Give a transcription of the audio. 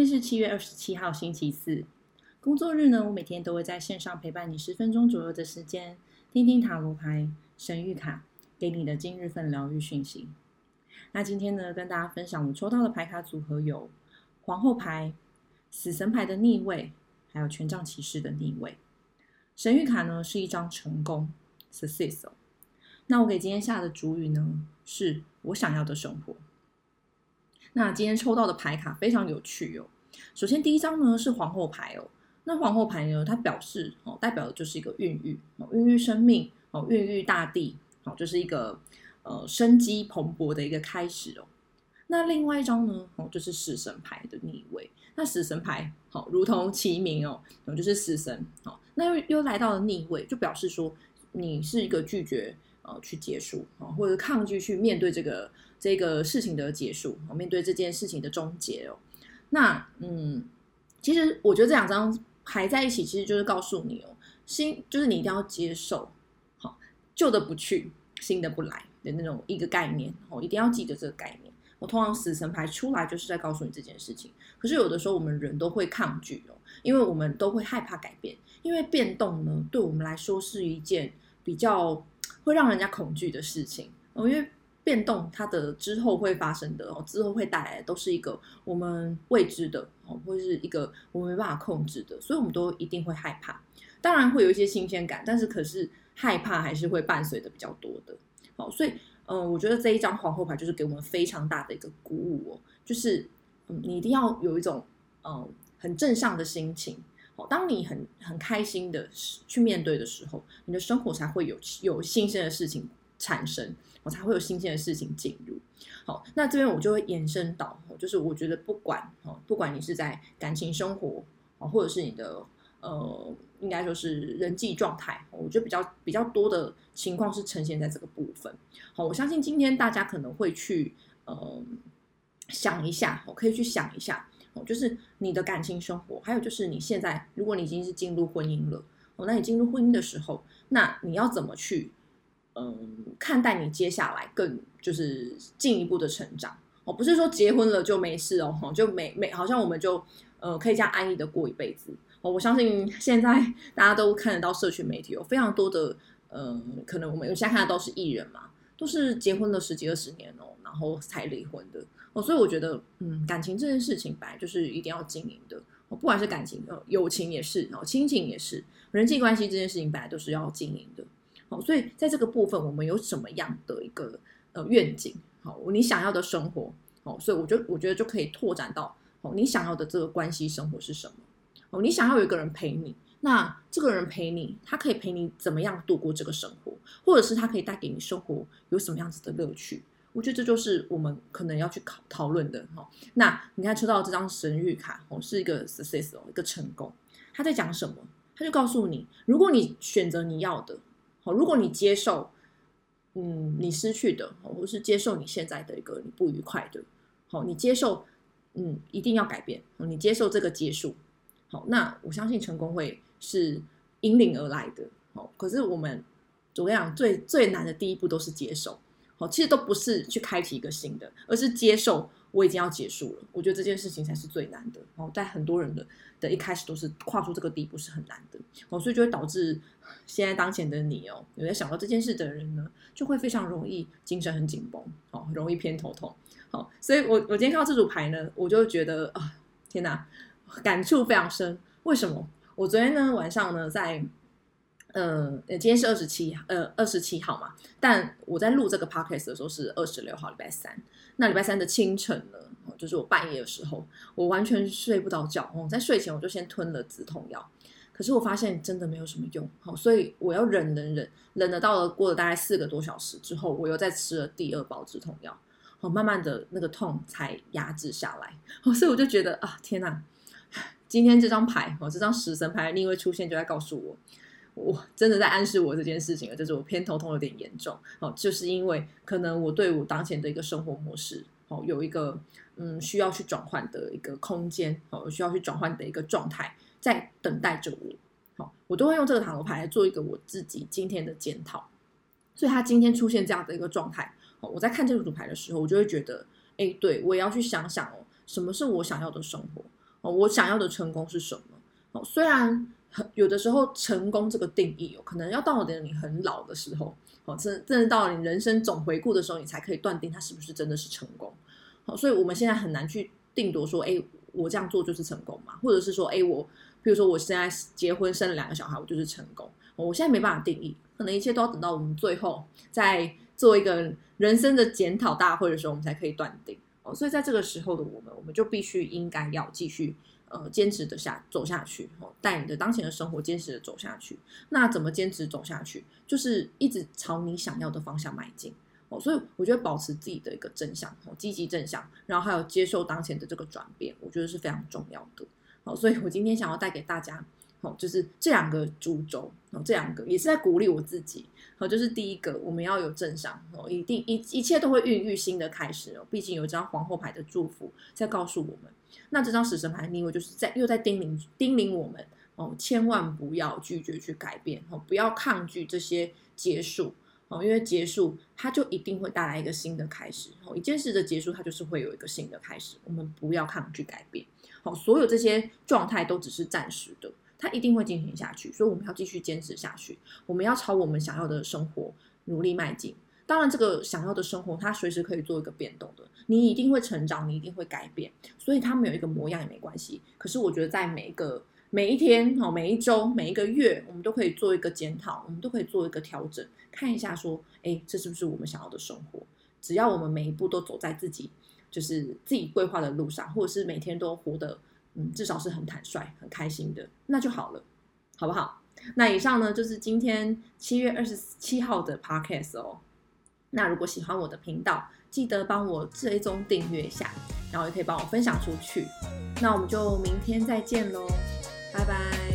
今天是七月二十七號，星期四，工作日呢，我每天都會在線上陪伴你十分鐘左右的時間，聽聽塔羅牌、神諭卡，給你的今日份療癒訊息。那今天呢，跟大家分享我抽到的牌卡組合有皇後牌、死神牌的逆位，還有權杖騎士的逆位。神諭卡呢是一張成功 （success）。那我給今天下的主語呢是我想要的生活。那今天抽到的牌卡非常有趣哦。首先第一張呢是皇後牌哦，那皇後牌呢它表示哦，代表的就是一個孕育哦，孕育生命哦，孕育大地哦，就是一個呃生機蓬勃的一個開始哦。那另外一張呢哦，就是死神牌的逆位。那死神牌好，如同其名哦，就是死神哦。那又又來到了逆位，就表示說你是一個拒絕。去結束，或者抗拒去面對這個這個事情的結束，面對這件事情的終結哦。那嗯，其實我覺得這兩張牌在一起，其實就是告訴你哦，新就是你一定要接受，好舊的不去，新的不來的那種一個概念哦，一定要記得這個概念。我通常死神牌出來就是在告訴你這件事情，可是有的時候我們人都會抗拒哦，因為我們都會害怕改變，因為變動呢對我們來說是一件比較。會讓人家恐懼的事情、哦、因為變動它的之後會發生的、哦、之後會帶來的都是一個我們未知的、哦、或是一個我們沒辦法控制的，所以我們都一定會害怕。當然會有一些新鮮感，但是可是害怕還是會伴隨的比較多的。好、哦，所以嗯、呃，我覺得這一張皇後牌就是給我們非常大的一個鼓舞哦，就是、嗯、你一定要有一種嗯、呃、很正向的心情。當你很很開心的去面對的時候，你的生活才會有有新鮮的事情產生，我才會有新鮮的事情進入。好，那這邊我就會延伸到，就是我覺得不管哦，不管你是在感情生活啊，或者是你的呃，應該說是人際狀態，我覺得比較比較多的情況是呈現在這個部分。好，我相信今天大家可能會去呃想一下，我可以去想一下。哦，就是你的感情生活，還有就是你現在，如果你已經是進入婚姻了，哦，那你進入婚姻的時候，那你要怎麼去，嗯、呃，看待你接下來更就是進一步的成長？哦，不是說結婚了就沒事哦，哦就每每好像我們就，呃，可以這樣安逸的過一輩子？哦，我相信現在大家都看得到，社群媒體有、哦、非常多的，嗯、呃，可能我們現在看的都是藝人嘛。都是結婚了十幾二十年哦，然後才離婚的哦，所以我覺得，嗯，感情這件事情本來就是一定要經營的哦，不管是感情呃友情也是哦，親情也是，人際關係這件事情本來都是要經營的哦，所以在這個部分，我們有什麼樣的一個呃願景？好、哦，你想要的生活哦，所以我覺得，我覺得就可以拓展到哦，你想要的這個關係生活是什麼？哦，你想要有一個人陪你，那這個人陪你，他可以陪你怎麼樣度過這個生活？或者是它可以帶給你生活有什麼樣子的樂趣？我覺得這就是我們可能要去討討論的哈。那你看抽到這張神諭卡哦，是一個 success 哦，一個成功。他在講什麼？他就告訴你，如果你選擇你要的，好，如果你接受，嗯，你失去的，好，或是接受你現在的一個你不愉快的，好，你接受，嗯，一定要改變，你接受這個結束，好，那我相信成功會是引領而來的，好，可是我們。我跟你講，最最難的第一步都是接受，好，其實都不是去開啟一個新的，而是接受我已經要結束了。我覺得這件事情才是最難的。哦，在很多人的的一開始都是跨出這個第一步是很難的。哦，所以就會導致現在當前的你哦，有在想到這件事的人呢，就會非常容易精神很緊繃，好容易偏頭痛，好，所以我我今天看到這組牌呢，我就覺得啊，天哪，感觸非常深。為什麼？我昨天呢晚上呢在。嗯，今天是二十七，呃，二十七號嘛。但我在錄這個 podcast 的時候是二十六號，禮拜三。那禮拜三的清晨呢，就是我半夜的時候，我完全睡不着覺，我、嗯、在睡前，我就先吞了止痛藥，可是我發現真的沒有什麼用，好、嗯，所以我要忍忍、忍，忍了到了過了大概四個多小時之後，我又再吃了第二包止痛藥，好、嗯，慢慢的那個痛才壓制下來。嗯、所以我就覺得啊，天哪，今天這張牌，這張死神牌逆位出現，就在告訴我。我真的在暗示我這件事情了，就是我偏頭痛有點嚴重哦，就是因為可能我對我當前的一個生活模式好、哦，有一個嗯需要去轉換的一個空間我、哦、需要去轉換的一個狀態在等待着我。好、哦，我都會用這個塔羅牌來做一個我自己今天的檢討，所以他今天出現這樣的一個狀態、哦，我在看這組牌的時候，我就會覺得，哎、欸，對我也要去想想哦，什麼是我想要的生活哦，我想要的成功是什麼哦，雖然。有的時候，成功這個定義，有可能要到你很老的時候，哦，甚至到你人生總回顧的時候，你才可以斷定它是不是真的是成功。好，所以我們現在很難去定奪說，誒、欸，我這樣做就是成功嗎？或者是說，誒、欸，我，比如說我現在結婚生了兩個小孩，我就是成功？我現在沒辦法定義，可能一切都要等到我們最後在做一個人生的檢討大會的時候，我們才可以斷定。哦，所以在這個時候的我們，我們就必須應該要繼續。呃，堅持的下走下去，哦，帶你的當前的生活堅持的走下去。那怎麼堅持走下去？就是一直朝你想要的方向邁進，哦，所以我覺得保持自己的一個正向，哦，積極正向，然後還有接受當前的這個轉變，我覺得是非常重要的，哦，所以我今天想要帶給大家。哦，就是這兩個主軸哦，這兩個也是在鼓勵我自己。哦，就是第一個，我們要有正向哦，一定一一切都會孕育新的開始哦。畢竟有一張皇後牌的祝福在告訴我們，那這張死神牌，逆位就是在又在叮嚀叮嚀我們哦，千萬不要拒絕去改變哦，不要抗拒這些結束哦，因為結束它就一定會帶來一個新的開始哦。一件事的結束，它就是會有一個新的開始，我們不要抗拒改變哦。所有這些狀態都只是暫時的。它一定會進行下去，所以我們要繼續堅持下去，我們要朝我們想要的生活努力邁進。當然，這個想要的生活，它隨時可以做一個變動的。你一定會成長，你一定會改變，所以它沒有一個模樣也沒關係。可是，我覺得在每一個每一天、哦，每一週、每一個月，我們都可以做一個檢討，我們都可以做一個調整，看一下說，誒，這是不是我們想要的生活？只要我們每一步都走在自己就是自己規劃的路上，或者是每天都活得。嗯，至少是很坦率，很開心的，那就好了，好不好？那以上呢，就是今天七月二十七號的 Podcast 哦。那如果喜歡我的頻道，記得幫我追蹤訂閱一下，然後也可以幫我分享出去。那我們就明天再見嘍，拜拜。